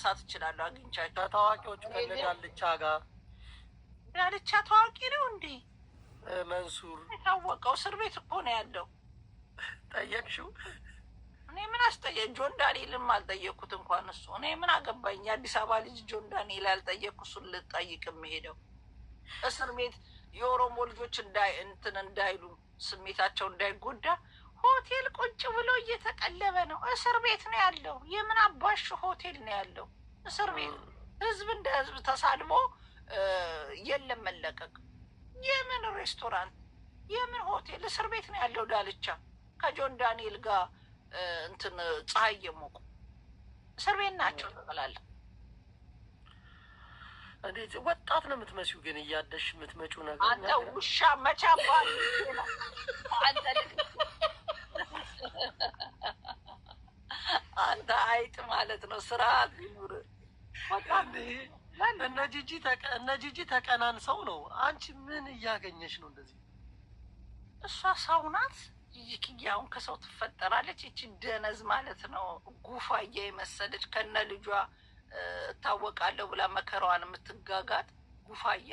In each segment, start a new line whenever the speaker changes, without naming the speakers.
መጠቅሳት እችላለሁ። አግኝቻቸው ከታዋቂዎቹ ከነዳልቻ ጋር
ዳልቻ ታዋቂ ነው እንዴ? መንሱር የታወቀው እስር ቤት እኮ ነው ያለው። ጠየቅሽው? እኔ ምን አስጠየቅ ጆን ዳንኤልም አልጠየቅኩት እንኳን እሱ እኔ ምን አገባኝ። የአዲስ አበባ ልጅ ጆን ዳንኤል አልጠየቅኩ እሱን ልጠይቅ የምሄደው እስር ቤት የኦሮሞ ልጆች እንትን እንዳይሉ ስሜታቸው እንዳይጎዳ ሆቴል ቁጭ ብሎ እየተቀለበ ነው። እስር ቤት ነው ያለው። የምን አባሽ ሆቴል ነው ያለው? እስር ቤት ህዝብ እንደ ህዝብ ተሳድቦ የለም መለቀቅ። የምን ሬስቶራንት፣ የምን ሆቴል? እስር ቤት ነው ያለው። ዳልቻ ከጆን ዳንኤል ጋር እንትን ፀሐይ የሞቁ እስር ቤት ናቸው ጠቅላላ።
እንዴት ወጣት ነው የምትመስዩ? ግን እያደሽ የምትመጪው ነገር
አንተ ውሻ መቻባ አንተ አንተ አይጥ ማለት ነው። ስርዓት ቢኖር
እነ ጂጂ ሰው ነው። አንቺ ምን እያገኘሽ ነው እንደዚህ?
እሷ ሰው ናት። ይህቺ አሁን ከሰው ትፈጠራለች። ይቺ ደነዝ ማለት ነው ጉፋያ የመሰለች ከነ ልጇ እታወቃለሁ ብላ መከራዋን የምትጋጋጥ ጉፋያ።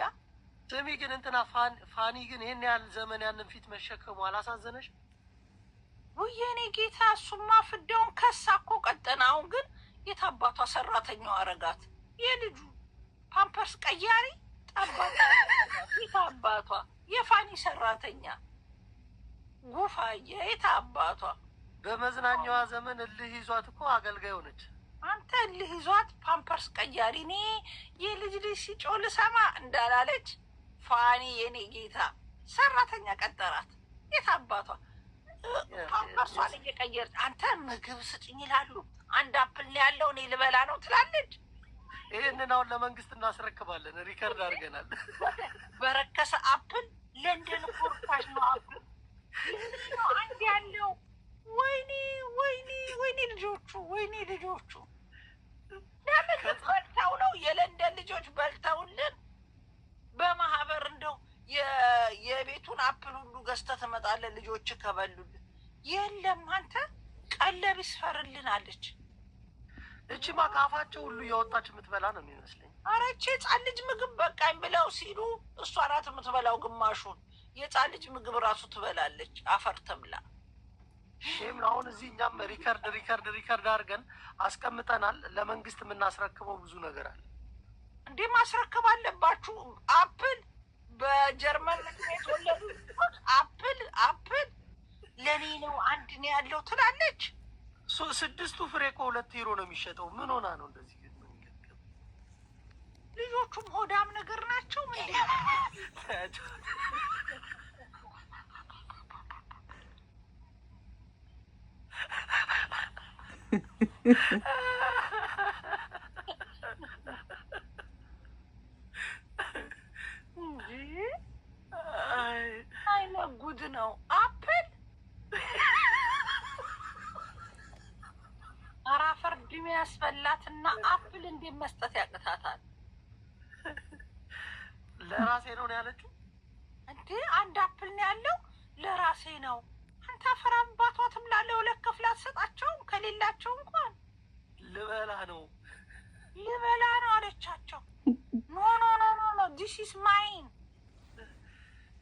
ስሚ ግን እንትና ፋኒ ግን ይህን ያህል ዘመን ያንን ፊት መሸከሙ አላሳዘነሽ?
የኔ ጌታ እሱማ ፍዳውን ከሳ እኮ ቀጠና። አሁን ግን የታባቷ አባቷ ሰራተኛው አረጋት? የልጁ ፓምፐርስ ቀያሪ የት አባቷ የፋኒ ሰራተኛ ጉፋዬ የት አባቷ።
በመዝናኛዋ ዘመን እልህ ይዟት እኮ አገልጋይ ሆነች።
አንተ እልህ ይዟት ፓምፐርስ ቀያሪ። እኔ የልጅ ልጅ ሲጮህ ልሰማ እንዳላለች ፋኒ የኔ ጌታ ሰራተኛ ቀጠራት። የት አባቷ እሷን እየቀየር አንተ ምግብ ስጭኝ ይላሉ። አንድ አፕል ነው ያለው እኔ ልበላ ነው ትላለች።
ይህንን አሁን ለመንግስት እናስረክባለን፣ ሪከርድ አድርገናል።
በረከሰ አፕል ለንደን ኮርታሽ ነው አፕል አንድ ያለው ወይኔ ወይኔ ወይኔ ልጆቹ ወይኔ ልጆቹ ለምን በልተው ነው የለንደን ልጆች በልተውልን በማህበር እንደው የቤቱን አፕል ሁሉ ገዝተህ ትመጣለህ ልጆች ከበሉልህ። የለም አንተ ይስፈርልን አለች።
እቺ ከአፋቸው ሁሉ እያወጣች የምትበላ ነው የሚመስለኝ።
ኧረ ይቺ ልጅ ምግብ በቃኝ ብለው ሲሉ እሷ ናት የምትበላው ግማሹን። የህፃን ልጅ ምግብ ራሱ ትበላለች። አፈር ትብላ።
ይህም አሁን እዚህ እኛም ሪከርድ ሪከርድ ሪከርድ አድርገን አስቀምጠናል። ለመንግስት የምናስረክበው ብዙ ነገር አለ።
እንዴ ማስረከብ አለባችሁ አፕል በጀርመን የተወለዱ አፕል አፕል ለእኔ ነው አንድ ነው ያለው ትላለች።
ስድስቱ ፍሬ እኮ ሁለት ዩሮ ነው የሚሸጠው። ምን ሆና ነው እንደዚህ?
ልጆቹም ሆዳም ነገር ናቸው። ምንድ
ለራሴ ነው ያለችው።
እንዴ አንድ አፕል ነው ያለው ለራሴ ነው። አንተ ፈራም ባቷትም ላለው ለከፍላ አትሰጣቸውም። ከሌላቸው እንኳን
ልበላ ነው
ልበላ ነው አለቻቸው። ኖ ኖ ኖ ኖ ኖ ዲስ ኢስ ማይን።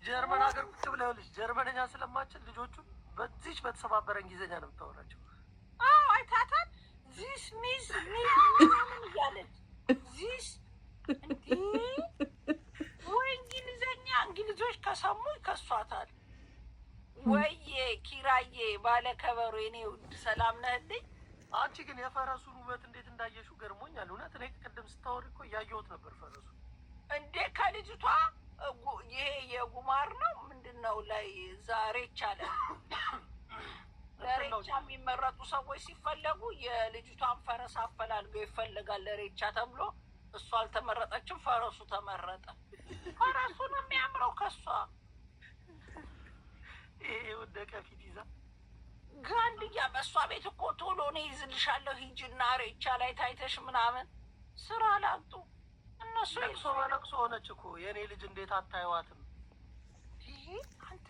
ጀርመን ሀገር ቁጭ ብለው ልጅ ጀርመንኛ ስለማችል ልጆቹ በዚች በተሰባበረ እንግሊዝኛ ነው የምታወራቸው።
አዎ አይታታል። ዚስ ሚዝ ምን እያለች ዚስ እንዲህ ልጆች ከሰሙ ይከሷታል። ወይዬ ኪራዬ ባለከበሩ እኔ የኔ ውድ ሰላም ነህልኝ።
አንቺ ግን የፈረሱን ውበት እንዴት እንዳየሹ ገርሞኛል። እውነት እኔ ቅድም ስታወሪ እኮ እያየሁት ነበር ፈረሱ
እንዴ ከልጅቷ ይሄ የጉማር ነው ምንድን ነው ላይ ዛሬ ይቻለ ለሬቻ የሚመረጡ ሰዎች ሲፈለጉ የልጅቷን ፈረስ አፈላልገው ይፈልጋል ለሬቻ ተብሎ እሱ አልተመረጠችም፣ ፈረሱ ተመረጠ። ከራሱ ነው የሚያምረው። ከሷ
ይሄ የወደቀ ፊት ይዛ
ከአንድ ያ በእሷ ቤት እኮ ቶሎ እኔ ይዝልሻለሁ ሂጂና ሬቻ ላይ ታይተሽ ምናምን ስራ ላጡ
እነሱ ለቅሶ በለቅሶ ሆነች እኮ የእኔ ልጅ እንዴት አታይዋትም?
አንተ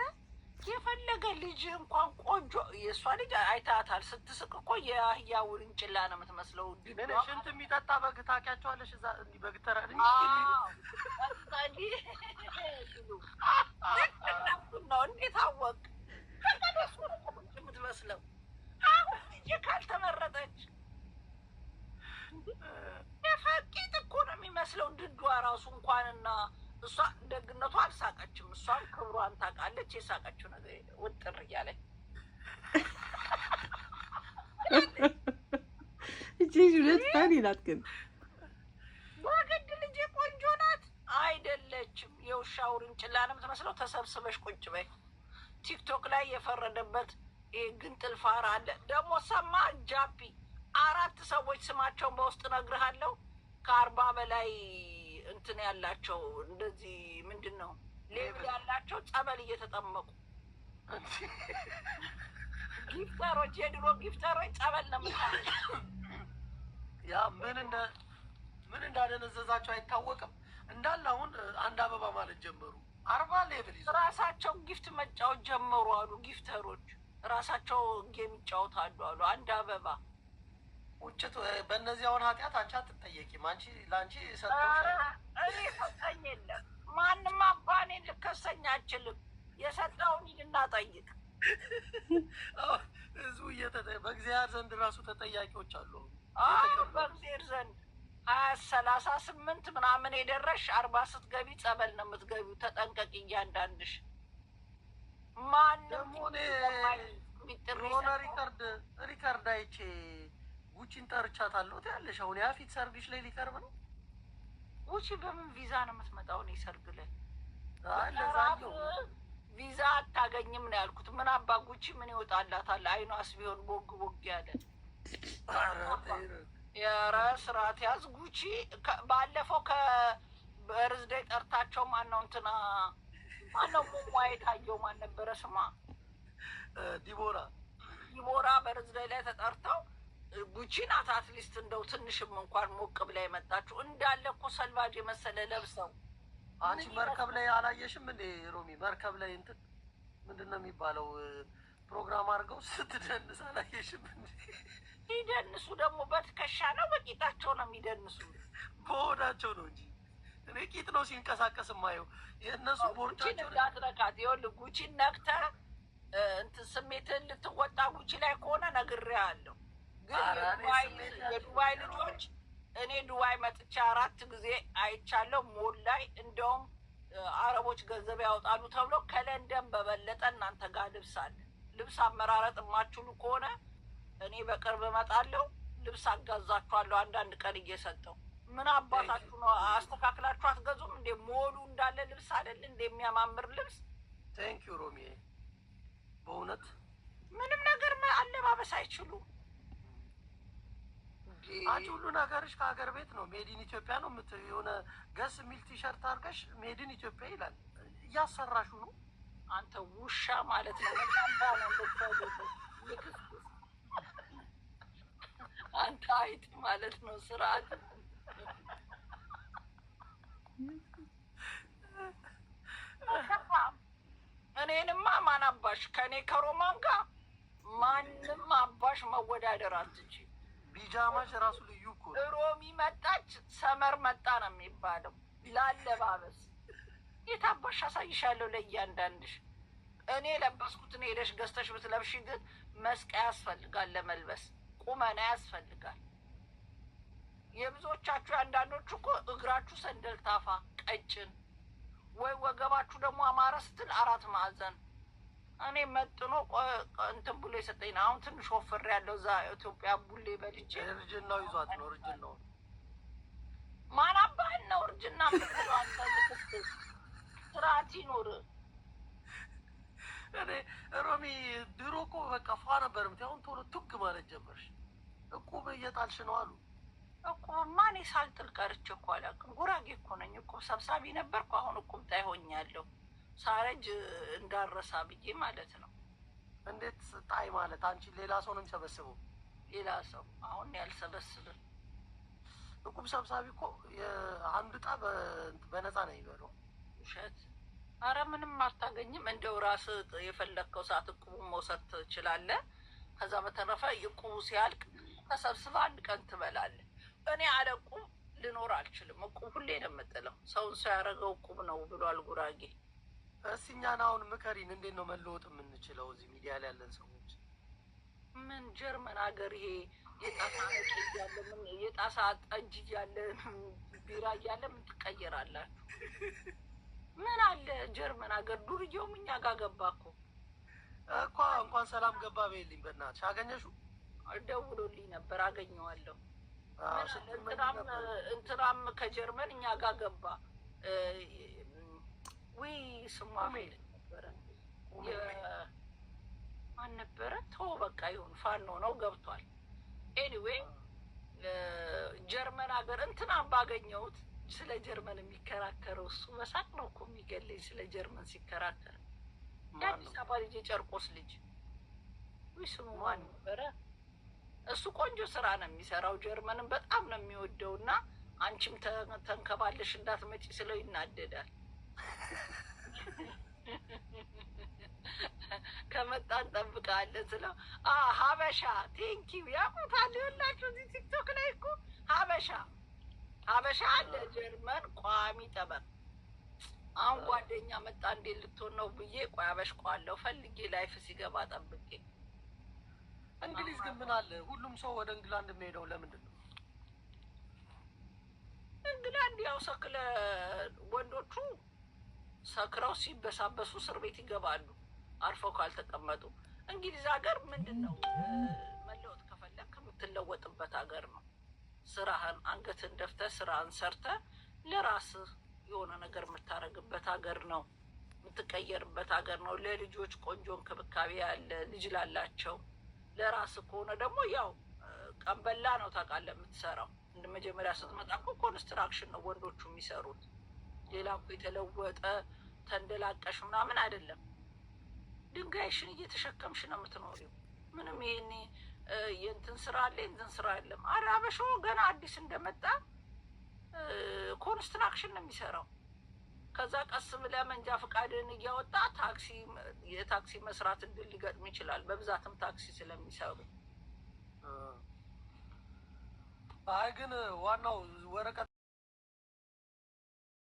የፈለገ ልጅ እንኳን ቆንጆ የእሷ ልጅ አይታታል ስትስቅ እኮ የአህያ ውርንጭላ ነው የምትመስለው።
ሽንት የሚጠጣ በግ ታውቂያቸዋለሽ? እዛ በግ ተራ ፈኒ ናት ግን
ወግድ ልጅ ቆንጆ ናት አይደለችም። የውሻ ውርንጭላ ነው የምትመስለው። ተሰብስበሽ ቁጭ በይ። ቲክቶክ ላይ የፈረደበት ይህ ግን ጥልፋራ አለ ደግሞ ሰማ ጃፒ አራት ሰዎች ስማቸውን በውስጥ ነግርሃለሁ ከአርባ በላይ እንትን ያላቸው እንደዚህ ምንድን ነው ሌብ ያላቸው ጸበል እየተጠመቁ ጊፍተሮች፣ የድሮ ጊፍተሮች ጸበል ነው
ያ ምን እንደ ምን እንዳደነዘዛቸው አይታወቅም። እንዳለ አሁን አንድ አበባ ማለት ጀመሩ። አርባ ሌብል ይዘው
ራሳቸው ጊፍት መጫወት ጀመሩ አሉ። ጊፍተሮች ራሳቸው ጌም ይጫወታሉ አሉ። አንድ አበባ
ውጭት በእነዚህ አሁን ኃጢአት አንቺ አትጠየቂም። አንቺ ለአንቺ ሰጥተውሻል።
እኔ ሰጠኝ የለም ማንም አባኔ ልከሰኝ አችልም። የሰጠውን ይድና ጠይቅ።
ህዝቡ በእግዚአብሔር ዘንድ ራሱ ተጠያቂዎች አሉ።
አይ በእግዚአብሔር ዘንድ ሀያ ሰላሳ ስምንት ምናምን የደረሽ አርባ ስትገቢ ጸበል ነው የምትገቢው። ተጠንቀቂ እያንዳንድሽ። ማንም ሆነ
ሪከርድ ሪከርድ አይቼ ጉቺን ጠርቻታለሁ ትያለሽ። አሁን ያ ፊት ሰርግሽ ላይ ሊቀርብ ነው።
ጉቺ በምን ቪዛ ነው የምትመጣው? እኔ ሰርግ ላይ ቪዛ አታገኝም ነው ያልኩት። ምን አባ ጉቺ ምን ይወጣላታል? አይኗስ ቢሆን ቦግ ቦግ ያለ የራስ ስርዓት ያዝ ጉቺ። ባለፈው ከበርዝዴ ጠርታቸው ማነው እንትና ማነው ሞሟ የታየው ማን ነበረ ስማ? ዲቦራ ዲቦራ በርዝዴ ላይ ተጠርተው ጉቺ ናት አትሊስት እንደው ትንሽም እንኳን ሞቅ ብላ የመጣችሁ እንዳለ እኮ ሰልባጅ የመሰለ ለብሰው።
አንቺ መርከብ ላይ አላየሽም እንዴ ሮሚ? መርከብ ላይ እንትን ምንድን ነው የሚባለው ፕሮግራም አድርገው ስትደንስ አላየሽም እንዴ?
ሲደንሱ ደግሞ በትከሻ ነው በቂጣቸው ነው የሚደንሱ።
በሆዳቸው ነው እንጂ እኔ ቂጥ ነው ሲንቀሳቀስ ማየው። የእነሱ ቦርቻቸው
እንዳትረካት። ይኸውልህ ጉቺን ነክተህ እንትን ስሜትህን ልትወጣ ጉቺ ላይ ከሆነ ነግሬሃለሁ። ግን የዱባይ ልጆች እኔ ዱባይ መጥቻ አራት ጊዜ አይቻለሁ ሞል ላይ እንደውም አረቦች ገንዘብ ያወጣሉ ተብሎ ከለንደን በበለጠ እናንተ ጋር ልብስ አለ። ልብስ አመራረጥ የማችሉ ከሆነ እኔ በቅርብ እመጣለሁ፣ ልብስ አጋዛችኋለሁ። አንዳንድ ቀን እየሰጠው ምን አባታችሁ ነው አስተካክላችሁ አትገዙም እንዴ? ሞሉ እንዳለ ልብስ አይደል የሚያማምር ልብስ።
ንኪ ሮሚ። በእውነት
ምንም ነገር አለባበስ አይችሉም።
አንቺ ሁሉ ነገርሽ ከሀገር ቤት ነው። ሜድን ኢትዮጵያ ነው ምት የሆነ ገስ የሚል ቲሸርት አድርገሽ ሜድን ኢትዮጵያ ይላል። እያሰራሹ ነው
አንተ ውሻ ማለት ነው። አንተ አይት ማለት ነው። ስርዓት እኔንማ ማን አባሽ ከእኔ ከሮማን ጋር ማንም አባሽ መወዳደር አትችይም።
ቢጃማሽ ራሱ ልዩ እኮ
ሮሚ መጣች፣ ሰመር መጣ ነው የሚባለው ላለባበስ። የት አባሽ አሳይሻለሁ ለእያንዳንድሽ እኔ የለበስኩትን ሄደሽ ገዝተሽ ብትለብሽ ግን መስቀያ ያስፈልጋል ለመልበስ ቁመና ያስፈልጋል። የብዙዎቻችሁ አንዳንዶቹ እኮ እግራችሁ ሰንደልታፋ ቀጭን፣ ወይ ወገባችሁ ደግሞ አማረ ስትል አራት ማዕዘን እኔ መጥኖ እንትን ብሎ የሰጠኝ ነው። አሁን ትንሽ ወፍር ያለው እዛ ኢትዮጵያ ቡሌ በልቼ
እርጅናው ይዟት ነው። እርጅናው
ማን አባህን ነው እርጅና ምትለዋል። ስርዓት ይኖር
እኔ ሮሚ ድሮ እኮ በቃ ፋ ነበር የምትይ፣ አሁን ቶሎ ቱግ ማለት ጀመርሽ። እቁብ እየጣልሽ ነው አሉ።
እቁብማ ማን ሳልጥል ቀርቼ እኮ አላውቅም። ጉራጌ እኮ ነኝ። እቁብ ሰብሳቢ ነበርኩ። አሁን እቁብ ጣይ ሆኛለሁ። ሳረጅ እንዳረሳ ብዬ ማለት ነው።
እንዴት ጣይ ማለት? አንቺ ሌላ ሰው ነው የሚሰበስበው?
ሌላ ሰው አሁን ያልሰበስብም።
እቁብ ሰብሳቢ እኮ አንድ ዕጣ በነፃ ነው የሚበለው።
ውሸት አረ ምንም አታገኝም። እንደው ራስ የፈለግከው ሰዓት እቁቡ መውሰድ ትችላለ ከዛ በተረፈ እቁቡ ሲያልቅ ተሰብስበ አንድ ቀን ትበላለህ። እኔ አለ እቁብ ልኖር አልችልም። እቁብ ሁሌ ነው የምጥለው። ሰውን ሰው ያደረገው እቁብ ነው ብሏል ጉራጌ።
እስኪ እኛን አሁን ምከሪን፣ እንዴት ነው መለወጥ የምንችለው? እዚህ ሚዲያ ላይ ያለን ሰዎች
ምን ጀርመን ሀገር ይሄ የጣሳ ጠጅ እያለ ቢራ እያለ ምን ትቀየራላችሁ? ምን አለ ጀርመን ሀገር ዱርዬውም እኛ ጋር ገባ እኮ
እኮ እንኳን ሰላም ገባ በይልኝ በእናትሽ አገኘሽው
ደውሎልኝ ነበር አገኘዋለሁ እንትናም ከጀርመን እኛ ጋር ገባ ውይ ስሟ ነበረ ማን ነበረ ተው በቃ ይሁን ፋኖ ነው ገብቷል ኤኒዌይ ጀርመን ሀገር እንትናም ባገኘሁት ስለ ጀርመን የሚከራከረው እሱ መሳቅ ነው እኮ የሚገለኝ። ስለ ጀርመን ሲከራከር የአዲስ አበባ ልጅ የጨርቆስ ልጅ ወይ ስሙ ማን ነበረ? እሱ ቆንጆ ስራ ነው የሚሰራው። ጀርመንን በጣም ነው የሚወደው እና አንቺም ተንከባለሽ እንዳትመጪ ስለው ይናደዳል። ከመጣ እንጠብቃለን ስለው ሀበሻ ቴንኪው ያቁታል። ይኸውላችሁ እዚህ ቲክቶክ ላይ እኮ ሀበሻ አበሻ ለጀርመን ቋሚ ጠበር አሁን ጓደኛ መጣ እንዴ ልትሆን ነው ብዬ ቆይ አበሽቋለሁ ፈልጌ ላይፍ ሲገባ ጠብቄ።
እንግሊዝ ግን ምን አለ ሁሉም ሰው ወደ እንግላንድ የሚሄደው ለምንድን ነው?
እንግላንድ ያው ሰክለ ወንዶቹ ሰክረው ሲበሳበሱ እስር ቤት ይገባሉ አርፈው ካልተቀመጡ። እንግሊዝ ሀገር ምንድን ነው መለወጥ ከፈለግ ከምትለወጥበት ሀገር ነው። ስራህን አንገትን ደፍተ ስራህን ሰርተ ለራስህ የሆነ ነገር የምታደርግበት ሀገር ነው፣ የምትቀየርበት ሀገር ነው። ለልጆች ቆንጆ እንክብካቤ ያለ ልጅ ላላቸው። ለራስህ ከሆነ ደግሞ ያው ቀንበላ ነው ታውቃለህ የምትሰራው። መጀመሪያ ስትመጣ እኮ ኮንስትራክሽን ነው ወንዶቹ የሚሰሩት። ሌላ እኮ የተለወጠ ተንደላቀሽ ምናምን አይደለም። ድንጋይሽን እየተሸከምሽ ነው የምትኖሪው። ምንም ይሄኔ የእንትን ስራ አለ የእንትን ስራ የለም። አራበሾ ገና አዲስ እንደመጣ ኮንስትራክሽን ነው የሚሰራው። ከዛ ቀስ ብለህ መንጃ ፈቃድን እያወጣ ታክሲ የታክሲ መስራት እድል ሊገጥም ይችላል። በብዛትም ታክሲ ስለሚሰሩ።
አይ ግን ዋናው ወረቀት